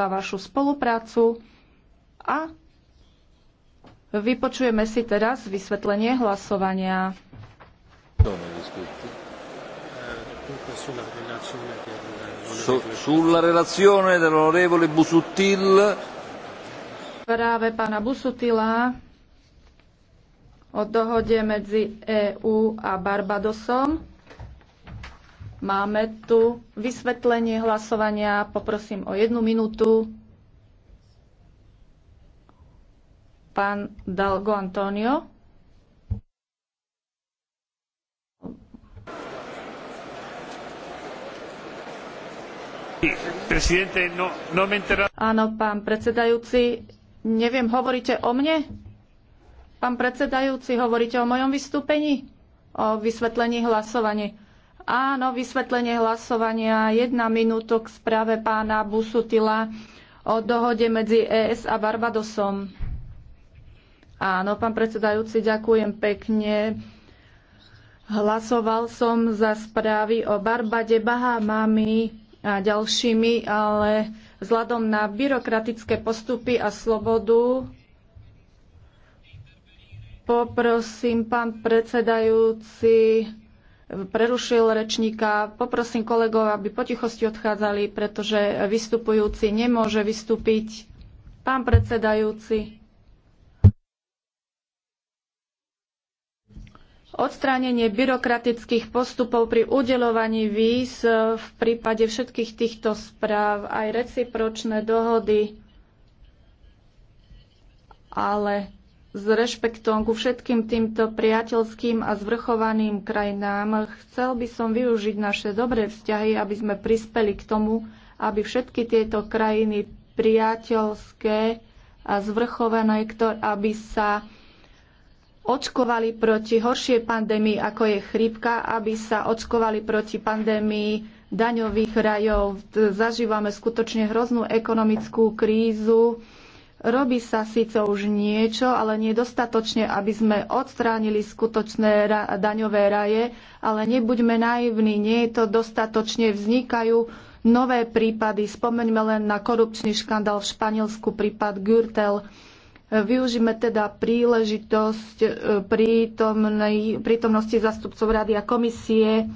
za vašu spoluprácu a vypočujeme si teraz vysvetlenie hlasovania. Sulla relazione dell'onorevole Busuttil. Práve pána Busutila o dohode medzi EÚ a Barbadosom. Máme tu vysvetlenie hlasovania. Poprosím o jednu minútu. Pán Dalgo Antonio. No, no Áno, pán predsedajúci, neviem, hovoríte o mne? Pán predsedajúci, hovoríte o mojom vystúpení? O vysvetlení hlasovania. Áno, vysvetlenie hlasovania. Jedna minútok k správe pána Busutila o dohode medzi ES a Barbadosom. Áno, pán predsedajúci, ďakujem pekne. Hlasoval som za správy o Barbade, Bahamami a ďalšími, ale vzhľadom na byrokratické postupy a slobodu poprosím, pán predsedajúci, prerušil rečníka. Poprosím kolegov, aby potichosti odchádzali, pretože vystupujúci nemôže vystúpiť. Pán predsedajúci. Odstránenie byrokratických postupov pri udelovaní víz v prípade všetkých týchto správ, aj recipročné dohody, ale s rešpektom ku všetkým týmto priateľským a zvrchovaným krajinám. Chcel by som využiť naše dobré vzťahy, aby sme prispeli k tomu, aby všetky tieto krajiny priateľské a zvrchované, aby sa očkovali proti horšej pandémii, ako je chrípka, aby sa očkovali proti pandémii daňových rajov. Zažívame skutočne hroznú ekonomickú krízu Robí sa síce už niečo, ale nedostatočne, aby sme odstránili skutočné daňové raje, ale nebuďme naivní, nie je to dostatočne. Vznikajú nové prípady. Spomeňme len na korupčný škandál v Španielsku, prípad Gürtel. Využíme teda príležitosť e, prítomnosti zastupcov rady a komisie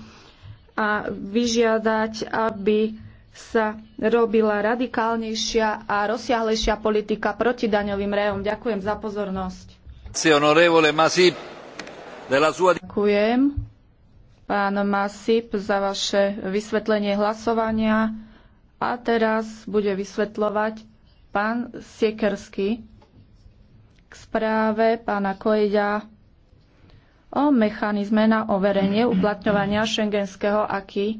a vyžiadať, aby sa robila radikálnejšia a rozsiahlejšia politika proti daňovým rejom. Ďakujem za pozornosť. Ďakujem, pán Masip, za vaše vysvetlenie hlasovania. A teraz bude vysvetľovať pán Siekerský k správe pána Kojeďa o mechanizme na overenie uplatňovania šengenského aký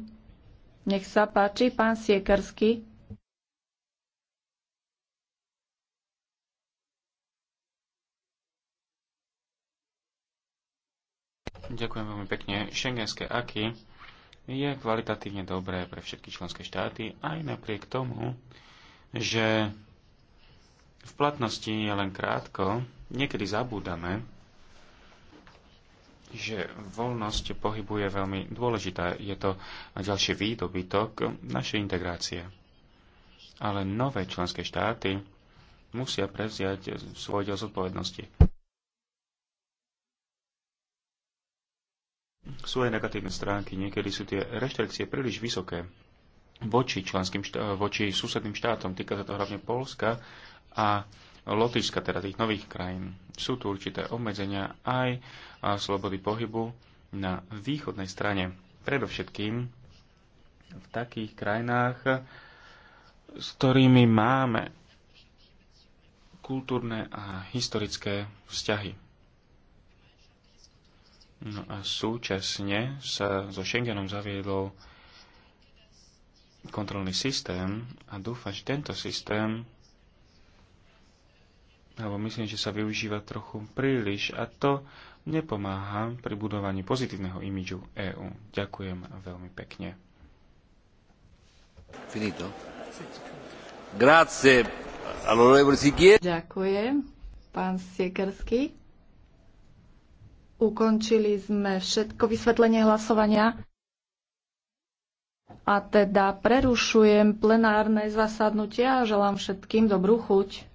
nech sa páči, pán Siekerský. Ďakujem veľmi pekne. Schengenské aky je kvalitatívne dobré pre všetky členské štáty, aj napriek tomu, že v platnosti je len krátko, niekedy zabúdame, že voľnosť pohybu je veľmi dôležitá. Je to ďalší výdobytok našej integrácie. Ale nové členské štáty musia prevziať svoj diel zodpovednosti. Sú aj negatívne stránky, niekedy sú tie reštrikcie príliš vysoké voči, členským, voči susedným štátom. Týka sa to hlavne Polska a Lotyšska, teda tých nových krajín. Sú tu určité obmedzenia aj slobody pohybu na východnej strane. Predovšetkým v takých krajinách, s ktorými máme kultúrne a historické vzťahy. No a súčasne sa so Schengenom zaviedol kontrolný systém a dúfam, že tento systém alebo myslím, že sa využíva trochu príliš a to nepomáha pri budovaní pozitívneho imidžu EÚ. Ďakujem veľmi pekne. Finito. Grazie. Ďakujem, pán Siekerský. Ukončili sme všetko vysvetlenie hlasovania a teda prerušujem plenárne zasadnutie a želám všetkým dobrú chuť.